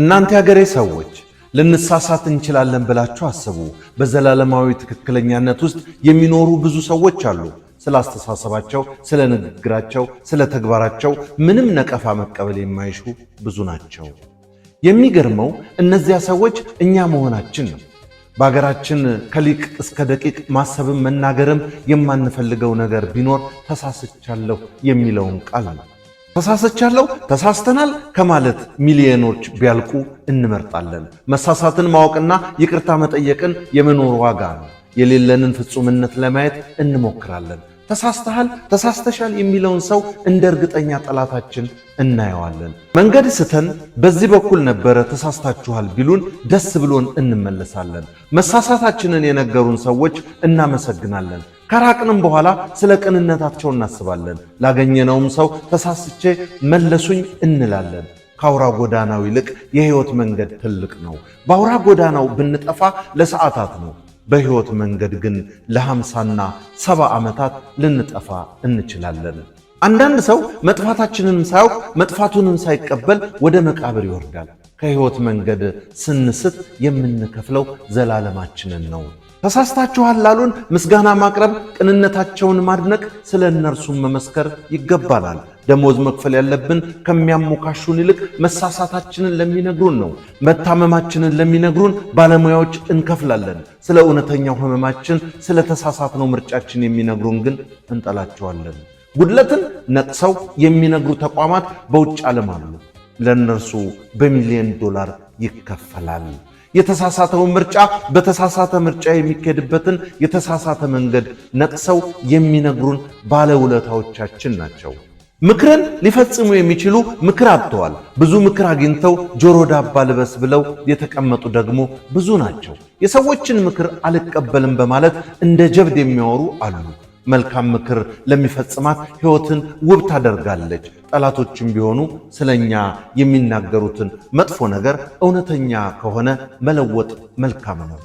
እናንተ ሀገሬ ሰዎች ልንሳሳት እንችላለን ብላችሁ አስቡ። በዘላለማዊ ትክክለኛነት ውስጥ የሚኖሩ ብዙ ሰዎች አሉ። ስለ አስተሳሰባቸው፣ ስለ ንግግራቸው፣ ስለ ተግባራቸው ምንም ነቀፋ መቀበል የማይሹ ብዙ ናቸው። የሚገርመው እነዚያ ሰዎች እኛ መሆናችን ነው። በሀገራችን ከሊቅ እስከ ደቂቅ ማሰብም መናገርም የማንፈልገው ነገር ቢኖር ተሳስቻለሁ የሚለውን ቃል ነው። ተሳሰቻለሁ፣ ተሳስተናል ከማለት ሚሊዮኖች ቢያልቁ እንመርጣለን። መሳሳትን ማወቅና ይቅርታ መጠየቅን የመኖር ዋጋ ነው። የሌለንን ፍጹምነት ለማየት እንሞክራለን። ተሳስተሃል፣ ተሳስተሻል የሚለውን ሰው እንደ እርግጠኛ ጠላታችን እናየዋለን። መንገድ ስተን በዚህ በኩል ነበረ ተሳስታችኋል ቢሉን ደስ ብሎን እንመለሳለን። መሳሳታችንን የነገሩን ሰዎች እናመሰግናለን። ከራቅንም በኋላ ስለ ቅንነታቸው እናስባለን። ላገኘነውም ሰው ተሳስቼ መለሱኝ እንላለን። ከአውራ ጎዳናው ይልቅ የሕይወት መንገድ ትልቅ ነው። በአውራ ጎዳናው ብንጠፋ ለሰዓታት ነው። በሕይወት መንገድ ግን ለሃምሳና ሰባ ዓመታት ልንጠፋ እንችላለን። አንዳንድ ሰው መጥፋታችንንም ሳያውቅ መጥፋቱንም ሳይቀበል ወደ መቃብር ይወርዳል። ከሕይወት መንገድ ስንስት የምንከፍለው ዘላለማችንን ነው። ተሳስታችኋል ላሉን ምስጋና ማቅረብ፣ ቅንነታቸውን ማድነቅ፣ ስለ እነርሱም መመስከር ይገባናል። ደሞዝ መክፈል ያለብን ከሚያሞካሹን ይልቅ መሳሳታችንን ለሚነግሩን ነው። መታመማችንን ለሚነግሩን ባለሙያዎች እንከፍላለን። ስለ እውነተኛው ህመማችን፣ ስለ ተሳሳትነው ምርጫችን የሚነግሩን ግን እንጠላቸዋለን። ጉድለትን ነቅሰው የሚነግሩ ተቋማት በውጭ ዓለም አሉ። ለእነርሱ በሚሊዮን ዶላር ይከፈላል። የተሳሳተውን ምርጫ በተሳሳተ ምርጫ የሚካሄድበትን የተሳሳተ መንገድ ነቅሰው የሚነግሩን ባለውለታዎቻችን ናቸው። ምክርን ሊፈጽሙ የሚችሉ ምክር አብተዋል። ብዙ ምክር አግኝተው ጆሮ ዳባ ልበስ ብለው የተቀመጡ ደግሞ ብዙ ናቸው። የሰዎችን ምክር አልቀበልም በማለት እንደ ጀብድ የሚያወሩ አሉ። መልካም ምክር ለሚፈጽማት ሕይወትን ውብ ታደርጋለች። ጠላቶችም ቢሆኑ ስለኛ የሚናገሩትን መጥፎ ነገር እውነተኛ ከሆነ መለወጥ መልካም ነው።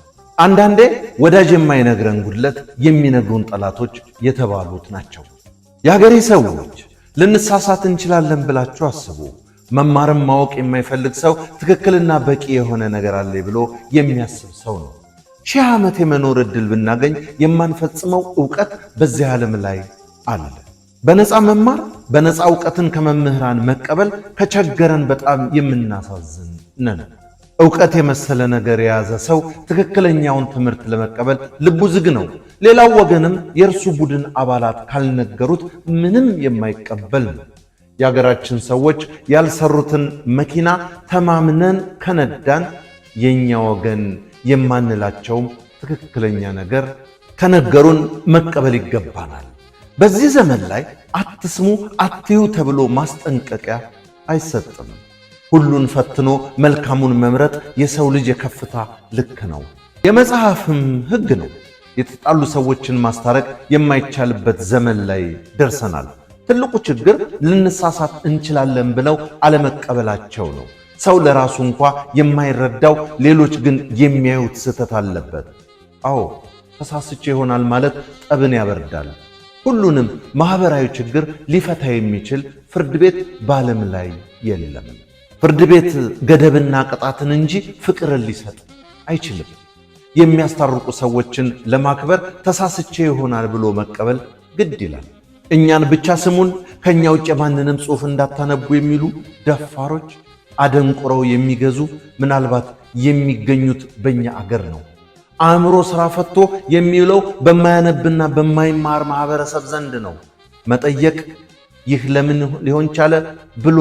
አንዳንዴ ወዳጅ የማይነግረን ጉድለት የሚነግሩን ጠላቶች የተባሉት ናቸው። የአገሬ ሰዎች ልንሳሳት እንችላለን ብላችሁ አስቡ። መማርም ማወቅ የማይፈልግ ሰው ትክክልና በቂ የሆነ ነገር አለ ብሎ የሚያስብ ሰው ነው። ሺህ ዓመት የመኖር ዕድል ብናገኝ የማንፈጽመው ዕውቀት በዚህ ዓለም ላይ አለ። በነፃ መማር፣ በነፃ ዕውቀትን ከመምህራን መቀበል ከቸገረን በጣም የምናሳዝን ነን። ዕውቀት የመሰለ ነገር የያዘ ሰው ትክክለኛውን ትምህርት ለመቀበል ልቡ ዝግ ነው። ሌላው ወገንም የእርሱ ቡድን አባላት ካልነገሩት ምንም የማይቀበል ነው። የአገራችን ሰዎች ያልሰሩትን መኪና ተማምነን ከነዳን የእኛ ወገን የማንላቸውም ትክክለኛ ነገር ከነገሩን መቀበል ይገባናል። በዚህ ዘመን ላይ አትስሙ አትዩ ተብሎ ማስጠንቀቂያ አይሰጥም። ሁሉን ፈትኖ መልካሙን መምረጥ የሰው ልጅ የከፍታ ልክ ነው፣ የመጽሐፍም ሕግ ነው። የተጣሉ ሰዎችን ማስታረቅ የማይቻልበት ዘመን ላይ ደርሰናል። ትልቁ ችግር ልንሳሳት እንችላለን ብለው አለመቀበላቸው ነው። ሰው ለራሱ እንኳ የማይረዳው ሌሎች ግን የሚያዩት ስህተት አለበት። አዎ ተሳስቼ ይሆናል ማለት ጠብን ያበርዳል። ሁሉንም ማኅበራዊ ችግር ሊፈታ የሚችል ፍርድ ቤት በዓለም ላይ የለም። ፍርድ ቤት ገደብና ቅጣትን እንጂ ፍቅርን ሊሰጥ አይችልም። የሚያስታርቁ ሰዎችን ለማክበር ተሳስቼ ይሆናል ብሎ መቀበል ግድ ይላል። እኛን ብቻ ስሙን፣ ከእኛ ውጭ የማንንም ጽሑፍ እንዳታነቡ የሚሉ ደፋሮች አደንቁረው የሚገዙ ምናልባት የሚገኙት በእኛ አገር ነው። አእምሮ ስራ ፈቶ የሚውለው በማያነብና በማይማር ማህበረሰብ ዘንድ ነው። መጠየቅ ይህ ለምን ሊሆን ቻለ ብሎ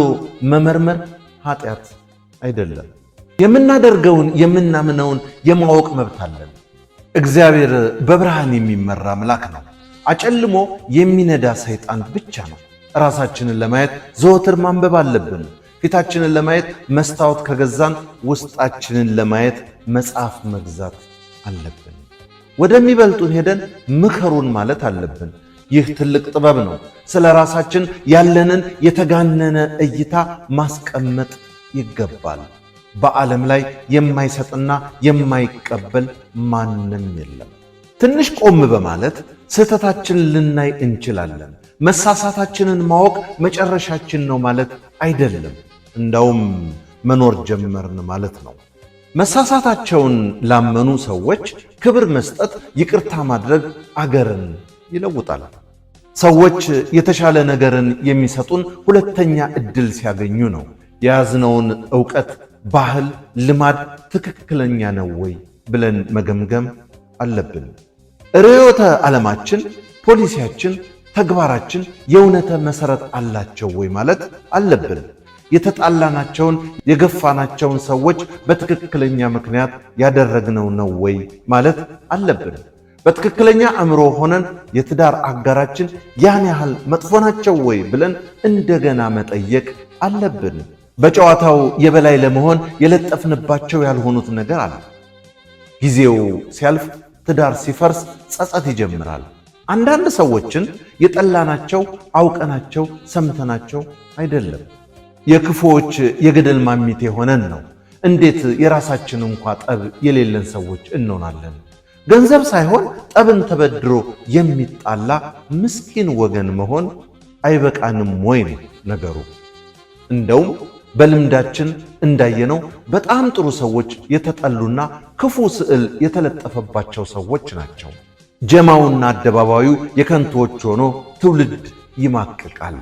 መመርመር ኃጢአት አይደለም። የምናደርገውን የምናምነውን የማወቅ መብት አለን። እግዚአብሔር በብርሃን የሚመራ አምላክ ነው። አጨልሞ የሚነዳ ሰይጣን ብቻ ነው። ራሳችንን ለማየት ዘወትር ማንበብ አለብን። ፊታችንን ለማየት መስታወት ከገዛን ውስጣችንን ለማየት መጽሐፍ መግዛት አለብን። ወደሚበልጡን ሄደን ምከሩን ማለት አለብን። ይህ ትልቅ ጥበብ ነው። ስለ ራሳችን ያለንን የተጋነነ እይታ ማስቀመጥ ይገባል። በዓለም ላይ የማይሰጥና የማይቀበል ማንም የለም። ትንሽ ቆም በማለት ስህተታችን ልናይ እንችላለን። መሳሳታችንን ማወቅ መጨረሻችን ነው ማለት አይደለም። እንዳውም መኖር ጀመርን ማለት ነው። መሳሳታቸውን ላመኑ ሰዎች ክብር መስጠት፣ ይቅርታ ማድረግ አገርን ይለውጣል። ሰዎች የተሻለ ነገርን የሚሰጡን ሁለተኛ እድል ሲያገኙ ነው። የያዝነውን እውቀት ባህል፣ ልማድ ትክክለኛ ነው ወይ ብለን መገምገም አለብን። ርዕዮተ ዓለማችን፣ ፖሊሲያችን፣ ተግባራችን የእውነተ መሠረት አላቸው ወይ ማለት አለብን። የተጣላናቸውን የገፋናቸውን ሰዎች በትክክለኛ ምክንያት ያደረግነው ነው ወይ ማለት አለብን። በትክክለኛ አእምሮ ሆነን የትዳር አጋራችን ያን ያህል መጥፎ ናቸው ወይ ብለን እንደገና መጠየቅ አለብን። በጨዋታው የበላይ ለመሆን የለጠፍንባቸው ያልሆኑት ነገር አለ። ጊዜው ሲያልፍ ትዳር ሲፈርስ ጸጸት ይጀምራል። አንዳንድ ሰዎችን የጠላናቸው አውቀናቸው ሰምተናቸው አይደለም የክፉዎች የገደል ማሚት የሆነን ነው። እንዴት የራሳችን እንኳ ጠብ የሌለን ሰዎች እንሆናለን? ገንዘብ ሳይሆን ጠብን ተበድሮ የሚጣላ ምስኪን ወገን መሆን አይበቃንም ወይ ነው ነገሩ። እንደውም በልምዳችን እንዳየነው በጣም ጥሩ ሰዎች የተጠሉና ክፉ ስዕል የተለጠፈባቸው ሰዎች ናቸው። ጀማውና አደባባዩ የከንቶዎች ሆኖ ትውልድ ይማቅቃል።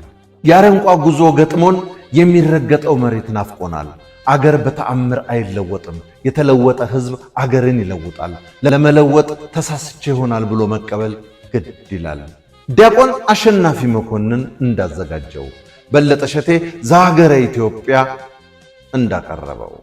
የአረንቋ ጉዞ ገጥሞን የሚረገጠው መሬት ናፍቆናል። አገር በተአምር አይለወጥም። የተለወጠ ሕዝብ አገርን ይለውጣል። ለመለወጥ ተሳስቼ ይሆናል ብሎ መቀበል ግድ ይላል። ዲያቆን አሸናፊ መኮንን እንዳዘጋጀው፣ በለጠ ሸቴ ዘሀገረ ኢትዮጵያ እንዳቀረበው